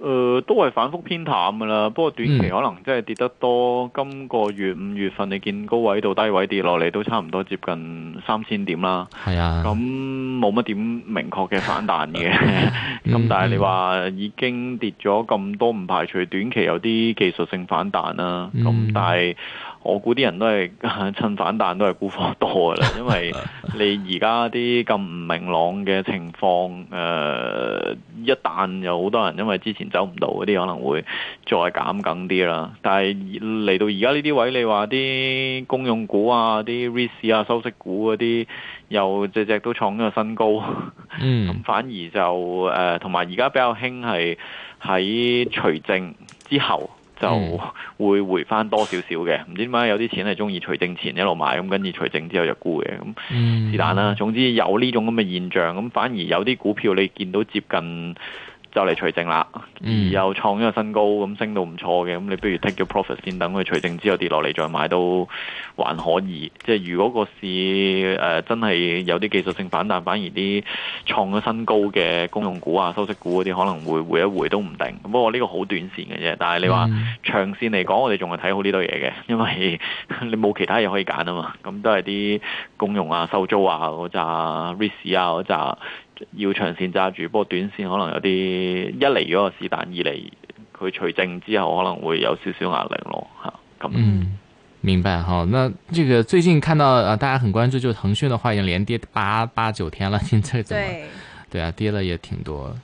誒、呃，都係反覆偏淡噶啦，不過、嗯、短期可能即係跌得多。今個月五月份，你見高位到低位跌落嚟，都差唔多接近三千點啦。係啊，咁冇乜點明確嘅反彈嘅。咁、 嗯、 但係你話已經跌咗咁多，唔排除短期有啲技術性反彈啦。咁、嗯、但係。我估啲人都係趁反彈，都係沽貨多嘅啦。因為你而家啲咁唔明朗嘅情況，誒，一彈又好多人，因為之前走唔到嗰啲可能會再減緊啲啦。但係嚟到而家呢啲位，你話啲公用股啊、啲 REITs 啊、收息股嗰啲，又隻只都創咗個新高。嗯，咁反而就誒，同埋而家比較興係喺除淨之後。 就會回返多少少嘅，唔知點解有啲錢係鍾意除淨前一路買，咁跟住除淨之後就沽嘅，咁是但啦。總之有呢種咁嘅現象，咁反而有啲股票你見到接近。就嚟除淨啦，而又、嗯、創咗個新高，咁升到唔錯嘅，咁你不如 take 咗 profit 先，等佢除淨之後跌落嚟再買都還可以。即係如果個市誒、呃、真係有啲技術性反彈，反而啲創咗新高嘅公用股啊、收息股嗰啲可能會回一回都唔定。不過呢個好短線嘅啫，但係你話、嗯、長線嚟講，我哋仲係睇好呢堆嘢嘅，因為你冇其他嘢可以揀啊嘛。咁都係啲公用啊、收租啊嗰扎，risk 啊嗰扎。要長線揸住，不過短線可能有啲一嚟嗰個是但，二嚟佢除淨之後可能會有少少壓力咯吓。咁、嗯，明白哈？那這個最近看到啊、呃，大家很關注，就騰訊的話已經連跌八八九天了，現在怎麼？對，對啊，跌了也挺多，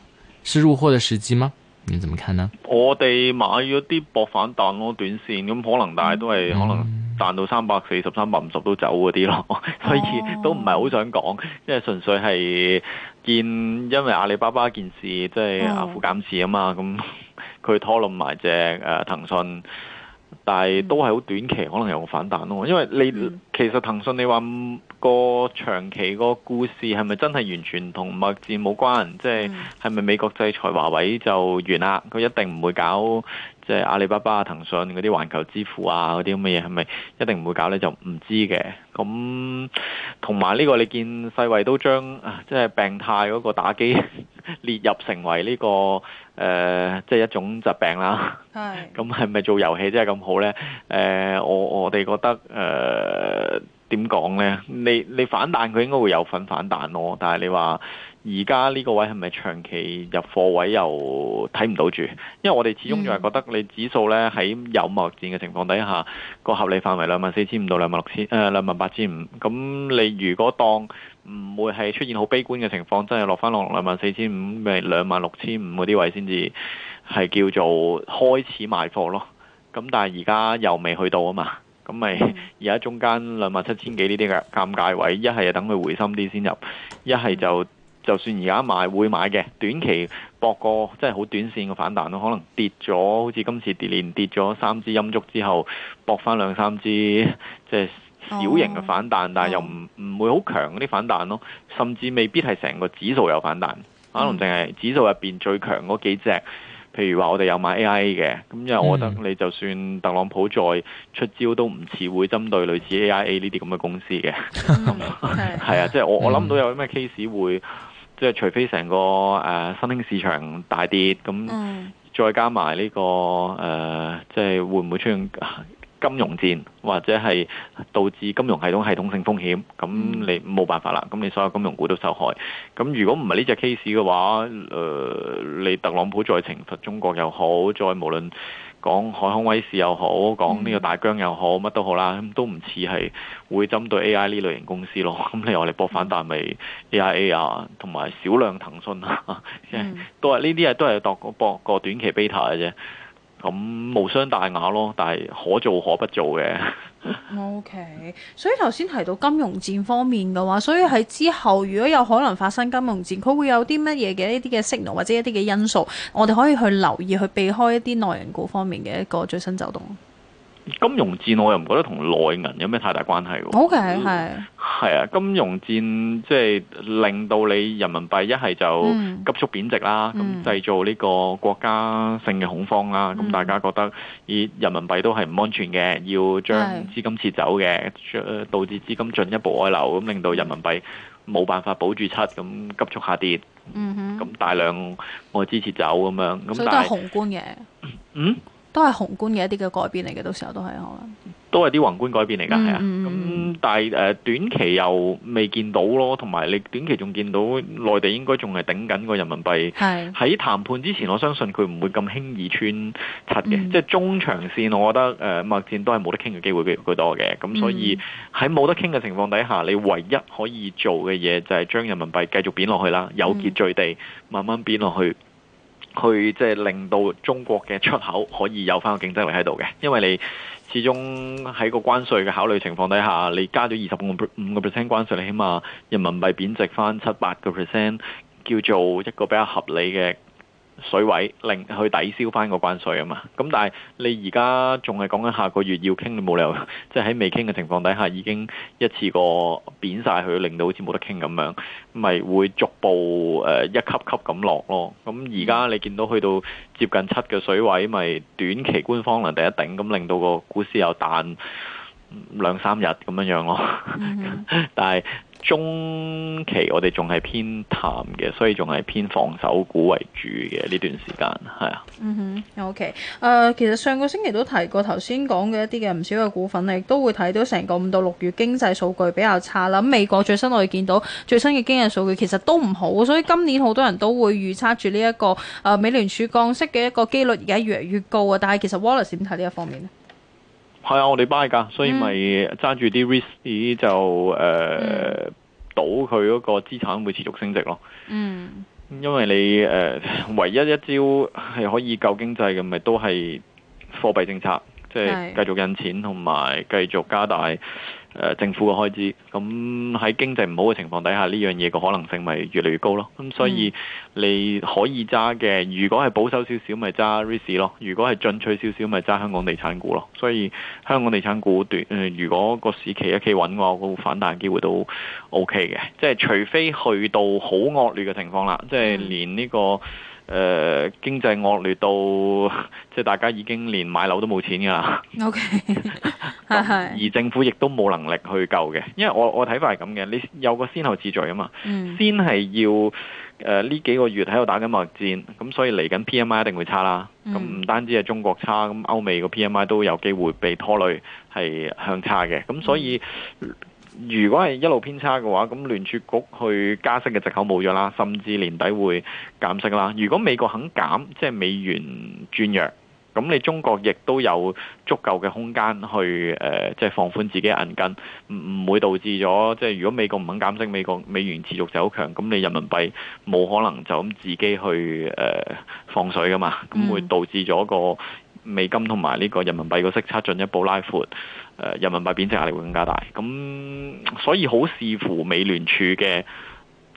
是入貨的時機嗎？你怎麼看呢？我哋買咗啲博反彈咯，短線咁可能大家都係、嗯、可能彈到三百四十三百五十都走嗰啲咯，嗯哦、所以都唔係好想講，因為純粹係。見因為阿里巴巴件事，即係阿富減持啊嘛，咁佢、嗯、 拖冧埋隻誒騰訊，但係都係好短期，可能有個反彈咯。因為你、嗯、其實騰訊你話個長期個故事係咪真係完全同貿易戰冇關？嗯、即係係咪美國制裁華為就完啦？佢一定唔會搞即係阿里巴巴騰訊啊、騰訊嗰啲環球支付啊嗰啲咁嘅嘢，係咪一定唔會搞咧？就唔知嘅咁。同埋呢個，你見世衞都將即係、就是、病態嗰個打機 列入成為呢、這個誒，即、呃、係、就是、一種疾病啦。咁係咪做遊戲真係咁好呢？誒、呃，我我哋覺得誒。呃點講呢？你你反彈佢應該會有份反彈咯，但係你話而家呢個位係咪長期入貨位又睇唔到住？因為我哋始終就係覺得你指數呢，喺有貿易戰嘅情況底下，個合理範圍兩萬四千五到兩萬六千誒，兩萬八千五。咁你如果當唔會係出現好悲觀嘅情況，真係落返落兩萬四千五、兩萬六千五嗰啲位先至係叫做開始賣貨咯。咁但係而家又未去到啊嘛。咁咪而家中間兩萬七千幾呢啲嘅尷尬位，一係等佢回心啲先入，一係就就算而家買會買嘅，短期博個即係好短線嘅反彈咯。可能跌咗，好似今次跌連跌咗三支陰燭之後，博翻兩三支即係小型嘅反彈，但係又唔唔會好強嗰啲反彈咯，甚至未必係成個指數有反彈，可能淨係指數入邊最強嗰幾隻。譬如話，我哋有買 AIA 嘅，咁因為我覺得你就算特朗普再出招，都唔似會針對類似 AIA 呢啲咁嘅公司嘅，係啊、 嗯，即係、 即係、我、嗯、我諗唔到有咩 case 會，即係除非成個誒、呃、新興市場大跌，咁再加埋呢、呢個誒，即、呃、係、即係、會唔會出現？ 金融戰或者係導致金融系統系統性風險，咁你冇辦法啦。咁你所有金融股都受害。咁如果唔係呢隻 case 嘅話，誒、呃、你特朗普再懲罰中國又好，再無論講海康威視又好，講呢個大疆又好，乜都好啦，都唔似係會針對 A I 呢類型公司咯。咁你我哋博反彈咪 A I A 啊，同埋少量騰訊啊，因為 都係呢啲嘢都係度個博個短期 beta 嘅啫。咁無傷大雅咯，但係可做可不做嘅。 o、okay, K，所以頭先提到金融戰方面嘅話，所以喺之後如果有可能發生金融戰，佢會有啲乜嘢嘅一啲嘅 s i 或者一啲嘅因素，我哋可以去留意去避開一啲內人股方面嘅一個最新走動。金融戰我又唔覺得同內銀有咩太大關係喎。O K，係。嗯。係啊，金融戰即係令到你人民幣一係就急速貶值啦，咁製、嗯嗯、造呢個國家性嘅恐慌啦，咁、嗯、大家覺得以人民幣都係唔安全嘅，要將資金撤走嘅，是導致資金進一步外流，咁令到人民幣冇辦法保住七，咁急速下跌，咁、嗯、哼大量外資撤走咁樣，咁但係，所以都係宏觀嘅，嗯。都係宏觀嘅一啲嘅改變嚟嘅，到時候都係可能。都係啲宏觀改變嚟㗎，係啊。咁但係誒短期又未見到咯，同埋你短期仲見到內地應該仲係頂緊個人民幣。係的。喺談判之前，我相信佢唔會咁輕易穿柒嘅，嗯、即係中長線，我覺得誒貿戰都係冇得傾嘅機會比佢多嘅。咁所以喺冇得傾嘅情況底下，你唯一可以做嘅嘢就係將人民幣繼續貶落去啦，有秩序地慢慢貶落去。嗯嗯佢即係令到中國嘅出口可以有翻個競爭力喺度嘅，因為你始終喺個關稅嘅考慮情況底下，你加咗二十五個 percent 關稅，你起碼人民幣貶值翻七八個 percent，叫做一個比較合理嘅。水位令佢抵消翻個關稅啊嘛，咁但係你而家仲係講緊下個月要傾，你冇理由即係喺未傾嘅情況底下，已經一次過貶晒佢，令到好似冇得傾咁樣，咪會逐步誒、呃、一級級咁落咯。咁而家你見到去到接近七嘅水位，咪短期官方能頂一頂，咁令到個股市又彈兩三日咁樣樣咯，mm hmm. 但係，中期我哋仲係偏淡嘅，所以仲係偏防守股為主嘅呢段時間，係啊。嗯哼，OK。誒，其實上個星期都提過，頭先講嘅一啲嘅唔少嘅股份，亦都會睇到成個五到六月經濟數據比較差啦。咁美國最新我哋見到最新嘅經濟數據其實都唔好，所以今年好多人都會預測住呢一個誒、uh, 美聯儲降息嘅一個機率而家越嚟越高啊。但係其實 Wallace 點睇呢一方面咧？係啊，我哋，yeah, buy 噶，so mm，所以咪揸住啲 risky 就，誒，賭佢嗰個資產會持，mm hmm. uh, uh, 續升值咯。嗯，因為你誒，唯一一招係可以救經濟嘅，咪都係貨幣政策，即係繼續印錢同埋繼續加大。呃、政府嘅開支，咁、嗯、喺經濟唔好嘅情況底下，呢樣嘢嘅可能性咪越嚟越高咯。咁、嗯、所以你可以揸嘅，如果係保守少少，咪揸 risk 咯；如果係進取少少，咪揸香港地產股咯。所以香港地產股段、呃，如果個市期一企穩嘅話，個反彈機會都 OK 嘅。即係除非去到好惡劣嘅情況啦，即係連呢、呢個。誒、呃，經濟惡劣到即係大家已經連買樓都冇錢噶啦。O Okay . K， 而政府亦都冇能力去救嘅，因為我我睇法係咁嘅，你有個先後秩序啊嘛，嗯、先係要呢、呃、幾個月喺度打緊貿戰，咁所以嚟緊 P M I 一定會差啦。咁唔、嗯、單止係中國差，咁歐美個 P M I 都有機會被拖累，係向差嘅。咁所以。嗯如果係一路偏差嘅話，咁聯儲局去加息嘅藉口冇咗啦，甚至年底會減息啦。如果美國肯減，即係美元轉弱，咁你中國亦都有足夠嘅空間去誒，即係放寬自己嘅銀根，唔唔會導致咗即係如果美國唔肯減息，美國美元持續走強，咁你人民幣冇可能就咁自己去誒呃放水噶嘛，咁會導致咗個美金同埋呢個人民幣個息差進一步拉闊。Uh, 人民幣貶值壓力會更加大咁，所以好視乎美聯儲嘅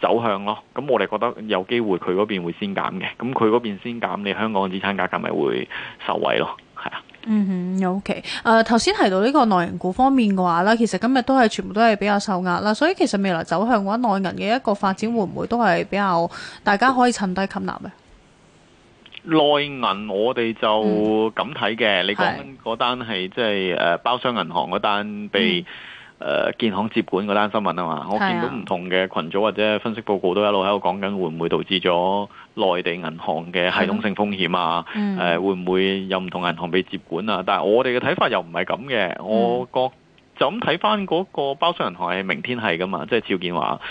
走向咯。咁我哋覺得有機會佢嗰邊會先減嘅，咁佢嗰邊先減，你香港資產價格咪會受惠咯，係啊。嗯哼，OK。誒，頭先提到呢個內銀股方面嘅話咧，其實今日都係全部都係比較受壓啦。所以其實未來走向嘅話，內銀嘅一個發展會唔會都係比較大家可以趁低吸納咧？內銀我哋就咁睇嘅，嗯、你講緊嗰單係即係誒包商銀行嗰單被誒建行接管嗰單新聞啊嘛，嗯、我見到唔同嘅群組或者分析報告都一路喺度講緊會唔會導致咗內地銀行嘅系統性風險啊？誒、嗯呃、會唔會有唔同銀行被接管啊？但係我哋嘅睇法又唔係咁嘅，嗯、我覺就咁睇翻嗰個包商銀行係明天系噶嘛，即係肖建華。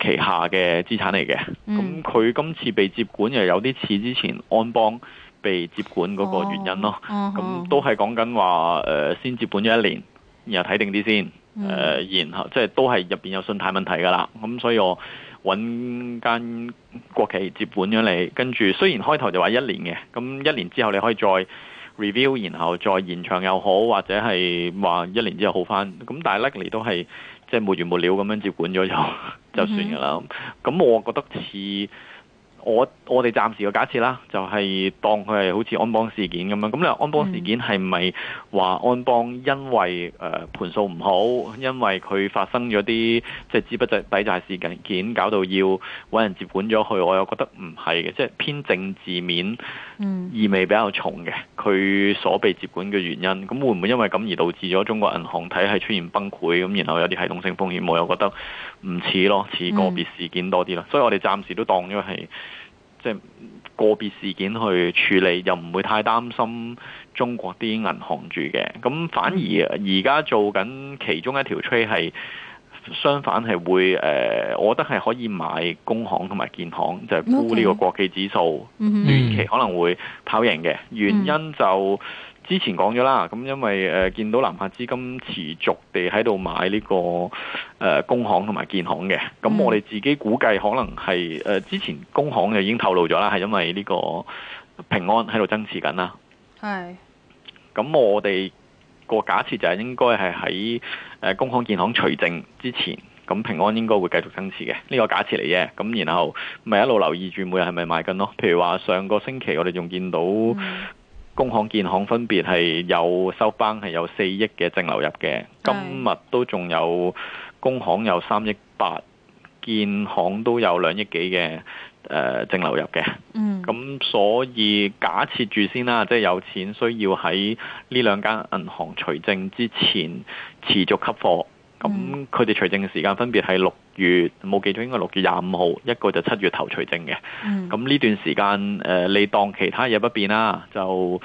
旗下嘅資產嚟嘅，咁佢今次被接管又有啲似之前安邦被接管嗰個原因咯，咁都係講緊話誒先接管咗一年，然後睇定啲先，誒、呃、然後即係都係入邊有信貸問題㗎喇，咁、嗯、所以我揾間國企接管咗你，跟住雖然開頭就話一年嘅，咁一年之後你可以再 review，然後再延長又好，或者係話一年之後好返，咁但係 likely 都係即係沒完沒了咁樣接管咗就、mm hmm. 就算㗎啦。咁我覺得似。我我哋暫時嘅假設啦，就係當佢係好似安邦事件咁樣。咁你話安邦事件係咪話安邦因為誒盤數唔好，因為佢發生咗啲即係資不抵債事件，搞到要揾人接管咗佢？我又覺得唔係嘅，即係偏政治面意味比較重嘅，佢、嗯、所被接管嘅原因。咁會唔會因為咁而導致咗中國銀行體系出現崩潰？咁然後有啲系統性風險？我又覺得唔似咯，似個別事件多啲啦。嗯、所以我哋暫時都當咗係。即係個別事件去處理，又唔會太擔心中國啲銀行住嘅。咁反而而家做緊其中一條 trade 係相反係會誒、呃，我覺得係可以買工行同埋建行，就係沽呢個國企指數短、okay. mm hmm. 期可能會跑贏嘅原因就。Mm hmm. 嗯之前講咗啦，咁因為誒、呃、見到南下資金持續地喺度買呢、呢個誒、呃、工行同埋建行嘅，咁我哋自己估計可能係誒、呃、之前工行就已經透露咗啦，係因為呢個平安喺度增持緊啦。係是，咁我哋個假設就係應該係喺誒工行、建行除淨之前，咁平安應該會繼續增持嘅，呢、呢個假設嚟嘅。咁然後咪一路留意住每日係咪買緊咯。譬如話上個星期我哋仲見到。嗯工行、建行分別係有收班，係有四億嘅淨流入嘅。的今日都仲有工行有三億八，建行都有兩億幾嘅誒淨流入嘅。嗯，咁所以假設住先啦，即係有錢需要喺呢兩間銀行除淨之前持續吸貨，咁佢哋除淨嘅時間分別係六月，冇記錯應該六月廿五號，一個就七月頭除淨嘅。咁呢、嗯、段時間，誒、呃、你當其他嘢不變啦，就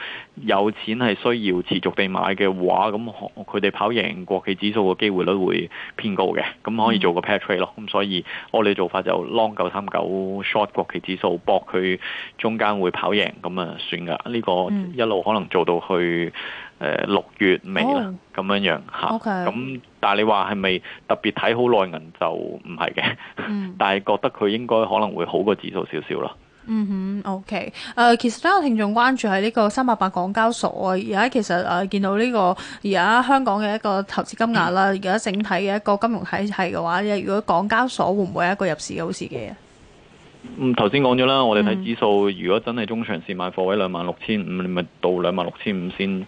有錢係需要持續地買嘅話，咁佢哋跑贏國企指數嘅機會率會偏高嘅。咁可以做個 pair trade 咯。咁、嗯、所以我哋做法就 long 九三九 short 國企指數，博佢中間會跑贏，咁啊算噶。呢、呢個一路可能做到去。嗯嗯誒六、呃、月尾啦，咁、oh, 樣樣嚇，咁 Okay. 但係你話係咪特別睇好內銀就唔係嘅？嗯、但係覺得佢應該可能會好過指數少少咯。嗯哼，OK、呃。誒，其實都有聽眾關注係呢個三百八港交所啊。而家其實誒、呃、見到呢、這個而家香港嘅一個投資金額啦，而家、嗯、整體嘅一個金融體系嘅話，如果港交所會唔會係一個入市嘅好時機啊？嗯，頭先講咗啦，我哋睇指數，嗯、如果真係中長線買貨位兩萬六千五，你咪到兩萬六千五先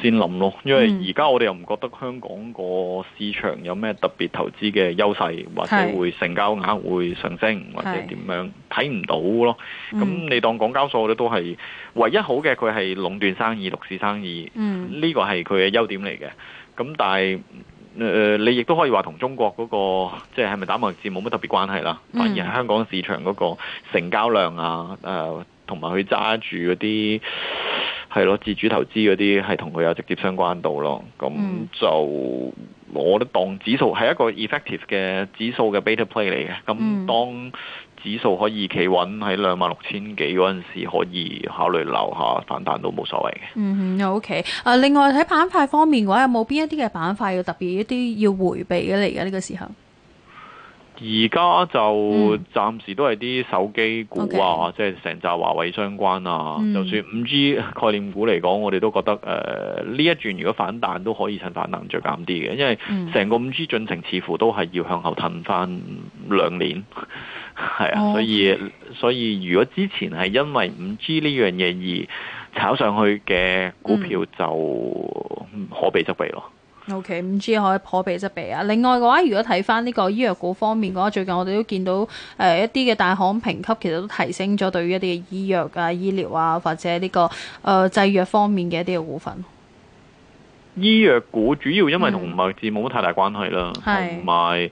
先諗咯。因為而家我哋又唔覺得香港個市場有咩特別投資嘅優勢，或者會成交額會上升，是或者點樣睇唔是到咯。咁、嗯嗯、你當港交所咧都係唯一好嘅，佢係壟斷生意、獨市生意，呢、嗯、個係佢嘅優點嚟嘅。咁但係，誒、呃，你亦都可以話同中國嗰、那個，即係係咪打貿易戰冇乜特別關係啦？嗯、反而係香港市場嗰個成交量啊，誒、呃，同埋佢揸住嗰啲係咯自主投資嗰啲，係同佢有直接相關度咯。咁就。嗯我都當指數係一個 effective 嘅指數嘅 beta play 嚟嘅，咁當指數可以企穩喺兩萬六千幾嗰陣時，可以考慮留下，反彈都冇所謂嘅。嗯哼，OK。誒、啊，另外喺板塊方面嘅話，有冇邊一啲嘅板塊要特別一啲要迴避嘅嚟嘅呢個時候？而家就暫時都係啲手機股啊，Okay. 即係成集華為相關啊。Mm. 就算五 G 概念股嚟講，我哋都覺得誒呢、呃、一轉如果反彈都可以趁反彈着減啲嘅，因為成個五 G 進程似乎都係要向後褪翻兩年，係 啊。Oh, okay. 所以所以如果之前係因為五 G 呢樣嘢而炒上去嘅股票、mm. 就可避則避咯。OK，唔知可以破比則比啊！另外嘅話，如果睇翻呢個醫藥股方面嘅話，最近我哋都見到誒、呃、一啲嘅大行評級，其實都提升咗對於一啲嘅醫藥啊、醫療啊或者呢、這個誒、呃、製藥方面嘅一啲嘅股份。醫藥股主要因為同物係字冇乜太大關係啦，同埋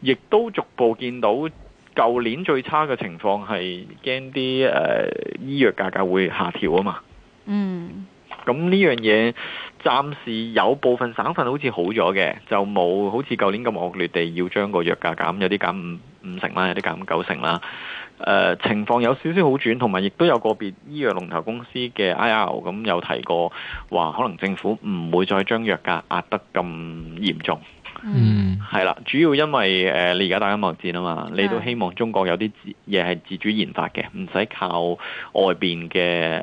亦都逐步見到舊年最差嘅情況係驚啲誒醫藥價格會下調啊嘛。嗯。咁呢樣嘢。暫時有部分省份好似好咗嘅，就冇好似舊年咁惡劣地要將個藥價減，有啲減五五成啦，有啲減九成啦。誒、呃，情況有少少好轉，同埋亦都有個別醫藥龍頭公司嘅 IR 咁有提過，話可能政府唔會再將藥價壓得咁嚴重。嗯，係啦，mm hmm.，主要因為誒、呃，你而家打緊貿易戰啊嘛，你都希望中國有啲自嘢係自主研發嘅，唔使靠外邊嘅誒，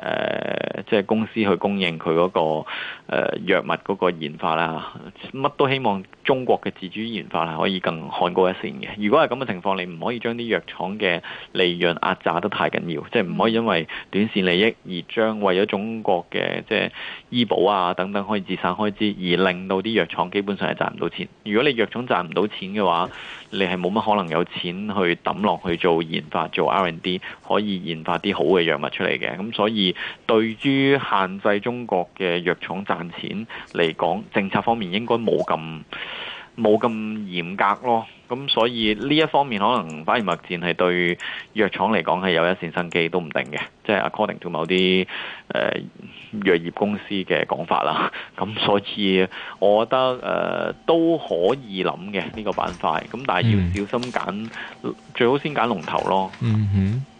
即係公司去供應佢嗰個誒、呃、藥物嗰個研發啦。乜都希望中國嘅自主研發係可以更看高一線嘅。如果係咁嘅情況，你唔可以將啲藥廠嘅利潤壓榨得太緊要，即係唔可以因為短線利益而將為咗中國嘅即係醫保啊等等可以節省開支，而令到啲藥廠基本上係賺唔到錢。如果你藥廠賺唔到錢嘅話，你係冇乜可能有錢去抌落去做研發、做 R&D，可以研發啲好嘅藥物出嚟嘅。咁所以對於限制中國嘅藥廠賺錢嚟講，政策方面應該冇咁冇咁嚴格咯。咁所以呢一方面可能反而貿易戰係對藥廠嚟講係有一線生機都唔定嘅，即係、according to 某啲，呃、藥業公司嘅講法啦。咁 所以我覺得誒、呃、都可以諗嘅呢個板塊，咁但係要小心揀，mm hmm. 最好先揀龍頭咯。嗯哼、mm。Hmm.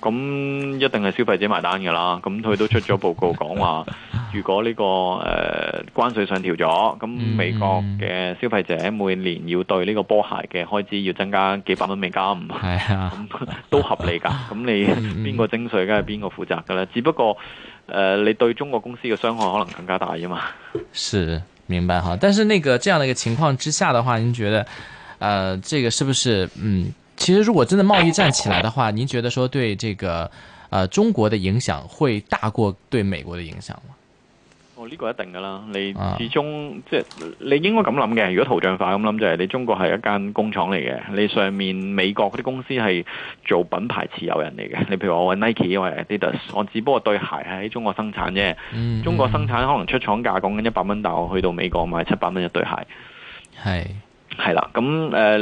咁、嗯嗯、一定係消費者埋單噶啦，咁佢都出咗報告講話， 如果呢、這個誒、呃、關稅上調咗，咁美國嘅消費者每年要對呢個波鞋嘅開支要增加幾百蚊美金，係啊 都，都合理噶。咁你邊、 嗯、個徵稅梗係邊個負責噶啦？只不過誒、呃，你對中國公司嘅傷害可能更加大啊嘛。是明白哈，但是那個這樣的一個情況之下的話，您覺得，誒、呃，這個是不是嗯？其實如果真的貿易戰起來的話，您覺得說對這個、呃，中國的影響會大過對美國的影響嗎？呢、哦呢個一定噶啦，你始終即係你應該咁諗嘅。如果圖像化咁諗就係你中國係一間工廠嚟嘅，你上面美國嗰啲公司係做品牌持有人嚟嘅。你譬如我 Nike 或者 Adidas，我只不過對鞋係喺中國生產啫。中國生產可能出廠價講緊一百蚊，但我去到美國買七百蚊一對鞋，係、嗯。嗯係啦，咁誒，你、呃、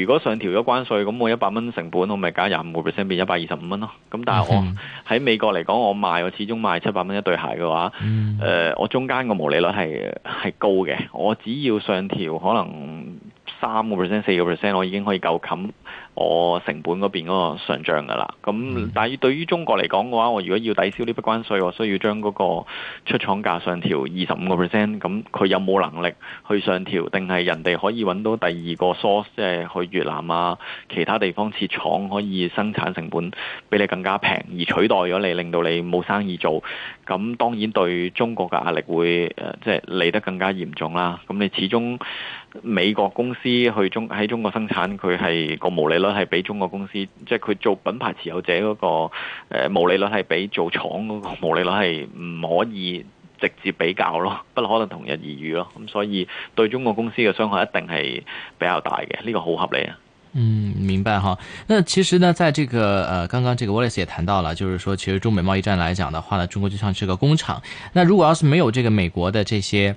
如果上調咗關稅，咁我一百蚊成本，我咪加廿五個 percent，變一百二十五蚊咯。咁但係我喺美國嚟講，我賣我始終賣七百蚊一對鞋嘅話，誒、呃，我中間個毛利率係係高嘅。我只要上調可能三個 percent、四個 percent，我已經可以夠冚。我成本嗰邊嗰個上漲噶啦，咁但係對於中國嚟講嘅話，我如果要抵消呢筆關稅，我需要將嗰個出廠價上調二十五個 percent，咁佢有冇能力去上調？定係人哋可以揾到第二個 source，即係去越南啊，其他地方設廠可以生產成本比你更加平，而取代咗你，令到你冇生意做，咁當然對中國嘅壓力會誒，即係嚟得更加嚴重啦。咁你始終。美國公司去中喺中國生產，佢係個毛利率係比中國公司，即係佢做品牌持有者嗰個誒毛利率係比做廠嗰個毛利率係唔可以直接比較咯，不可能同日而語咯。咁所以對中國公司嘅傷害一定係比較大嘅，呢個好合理啊。嗯，明白哈。那其實呢，在這個誒，剛剛這個 Wallace 也談到了，就是說，其實中美貿易戰來講的話，呢，中國就像是個工廠。那如果要是沒有這個美國的這些。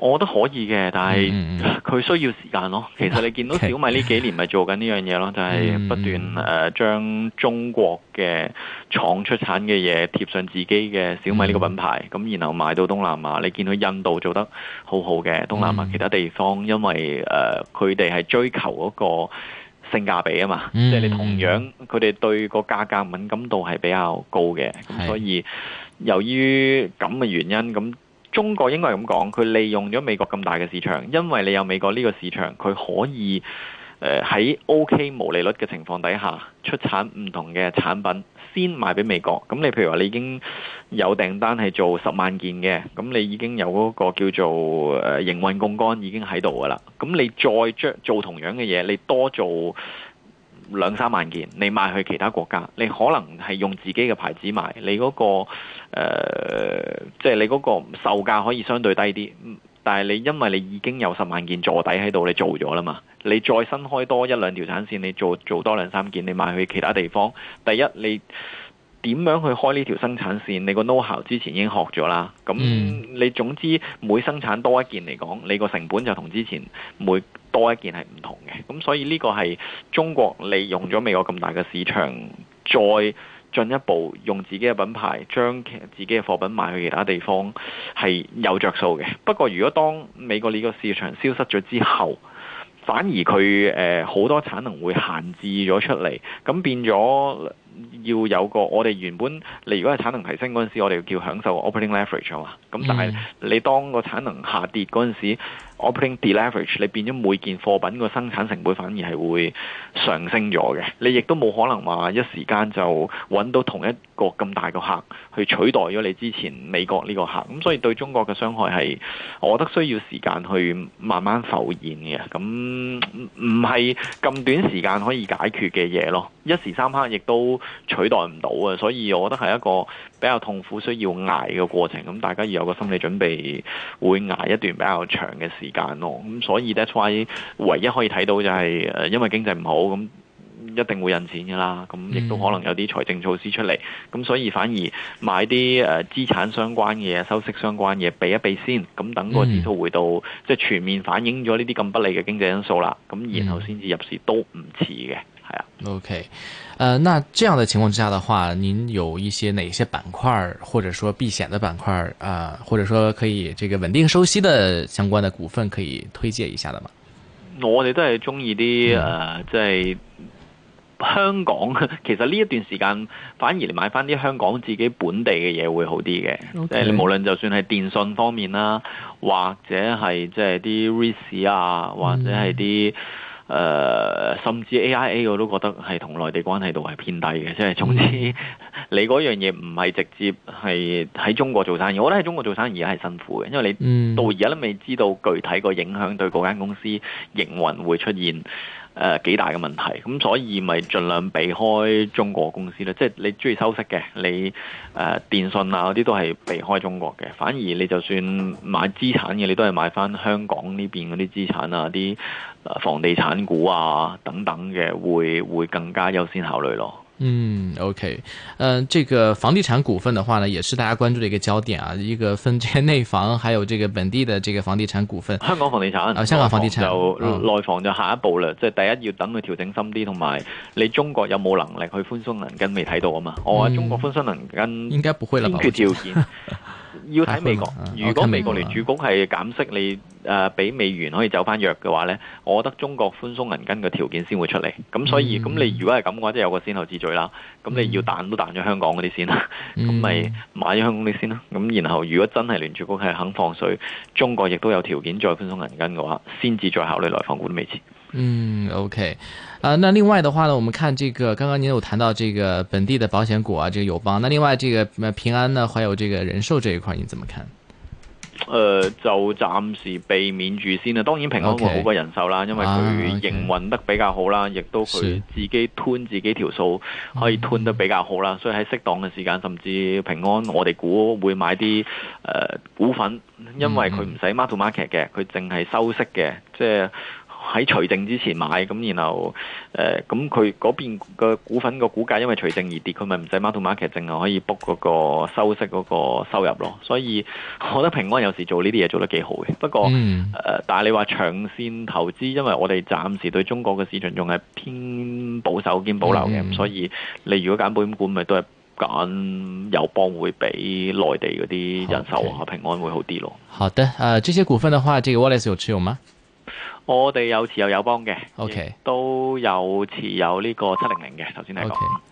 我覺得可以嘅，但係佢需要時間咯。其實你見到小米呢幾年咪做緊呢樣嘢咯，就係、是、不斷誒將中國嘅廠出產嘅嘢貼上自己嘅小米呢個品牌，咁、嗯、然後賣到東南亞。你見到印度做得好好嘅，東南亞其他地方因為誒佢哋係追求嗰個性價比啊嘛，嗯、即係你同樣佢哋對個價格敏感度係比較高嘅，咁的所以由於咁嘅原因咁。中國應該咁講，佢利用咗美國咁大嘅市場，因為你有美國呢個市場，佢可以喺 O K 毛利率嘅情況底下出產唔同嘅產品，先賣俾美國。咁你譬如話你已經有訂單係做十萬件嘅，咁你已經有嗰個叫做誒、呃、營運槓桿已經喺度噶啦。咁你再將做同樣嘅嘢，你多做。兩三萬件，你賣去其他國家，你可能係用自己嘅牌子賣，你嗰個，誒，即係你嗰個售價可以相對低啲。但係你因為你已經有十萬件坐底喺度，你做咗啦嘛，你再新開多一兩條產線，你做做多兩三件，你賣去其他地方，第一你。點樣去開呢條生產線？你個 know-how 之前已經學咗啦。咁你總之每生產多一件嚟講，你個成本就同之前每多一件係唔同嘅。咁所以呢個係中國利用咗美國咁大嘅市場，再進一步用自己嘅品牌將自己嘅貨品賣去其他地方係有着數嘅。不過如果當美國呢個市場消失咗之後，反而佢誒好多產能會限制咗出嚟，咁變咗。要有個我哋原本，你如果係產能提升嗰陣時，我哋要叫享受個 operating leverage 啊嘛。咁但係、嗯、你當個產能下跌嗰陣時。我講開 deleverage，你變咗每件貨品個生產成本反而係會上升咗嘅。你亦都冇可能話一時間就揾到同一個咁大個客去取代咗你之前美國呢個客。咁所以對中國嘅傷害係，我覺得需要時間去慢慢浮現嘅。咁唔係咁短時間可以解決嘅嘢咯。一時三刻亦都取代唔到啊。所以我覺得係一個，比較痛苦，需要捱嘅過程，咁大家要有個心理準備，會捱一段比較長嘅時間咯。咁所以咧，that's why, 唯一可以睇到就係、是、誒，因為經濟唔好，咁一定會印錢㗎啦。咁亦都可能有啲財政措施出嚟。咁所以反而買啲誒資產相關嘅嘢、收息相關嘢，避一避先。咁等個指數回到、mm. 即係全面反映咗呢啲咁不利嘅經濟因素啦。咁然後先至入市都唔遲嘅。O、okay. K，呃，那這樣的情況之下的話，您有一些哪些板塊，或者說避險的板塊啊、呃，或者說可以這個穩定收息的相關的股份可以推介一下的嗎？我哋都係中意啲，誒、嗯，即係、呃就是、香港。其實呢一段時間反而你買翻啲香港自己本地嘅嘢會好啲嘅，即係 Okay. 無論就算係電信方面啦，或者係即係啲 REITs 啊，或者係啲、啊。嗯誒，uh, 甚至 AIA 我都覺得係同內地關係度係偏低嘅，即係總之，你嗰樣嘢唔係直接係喺中國做生意，我覺得喺中國做生意而家係辛苦嘅，因為你到而家都未知道具體個影響對嗰間公司營運會出現。誒幾、呃、大嘅問題，咁、嗯、所以咪盡量避開中國公司咧。即係你中意收息嘅，你誒、呃、電信啊、嗰啲都係避開中國嘅。反而你就算買資產嘅，你都係買翻香港呢邊嗰啲資產啊，啲房地產股啊等等嘅，會會更加優先考慮咯。嗯，OK，嗯、呃，這個房地產股份的話呢，也是大家關注的一個焦點啊，一個分間內房，還有這個本地的這個房地產股份，香港房地產，哦、香港房地產房房就、嗯、內房就下一步啦，即第一要等佢調整深啲，同埋你中國有冇能力去寬鬆銀根未睇到啊嘛，嗯、我話中國寬鬆銀根應該不會啦，條件。 要睇美國，如果美國聯儲局係減息你，你誒俾美元可以走翻弱嘅話呢，我覺得中國寬鬆銀根嘅條件先會出嚟。咁所以，咁、嗯、你如果係咁嘅話，即係有個先後之序啦。咁你要彈都彈咗香港嗰啲先啦，咁咪、嗯、 買咗香港啲先啦。咁然後，如果真係聯儲局係肯放水，中國亦都有條件再寬鬆銀根嘅話，先至再考慮來放管未遲。嗯，OK，啊、uh,，那另外的話呢，我們看這個，剛剛你有談到這個本地的保險股啊，這個友邦，那另外這個平安呢，還有這個人壽這一塊，你怎麼看？誒、呃，就暫時避免住先啦。當然平安會好過人壽啦，Okay. 因為佢營運得比較好啦，亦、啊 okay. 都佢自己吞自己條數，是可以吞得比較好啦。嗯、所以喺適當嘅時間，甚至平安我哋估會買啲誒、呃、股份，因為佢唔使 market 嘅，佢淨係收息嘅，即係。喺除淨之前買咁，然後誒咁佢嗰邊嘅股份嘅股價因為除淨而跌，佢咪唔使 mark to market，淨係可以 book 嗰個收息嗰個收入咯。所以我覺得平安有時做呢啲嘢做得幾好嘅。不過誒、嗯呃，但係你話長線投資，因為我哋暫時對中國嘅市場仲係偏保守兼保留嘅，咁、嗯、所以你如果揀保險股，咪都係揀友邦會比內地嗰啲人壽和、okay. 平安會好啲咯。好的，誒、呃，這些股份嘅話，這個 Wallace 有持有嗎？我哋有持有友邦嘅，Okay. 亦都有持有呢個七零零嘅，頭先係講。Okay.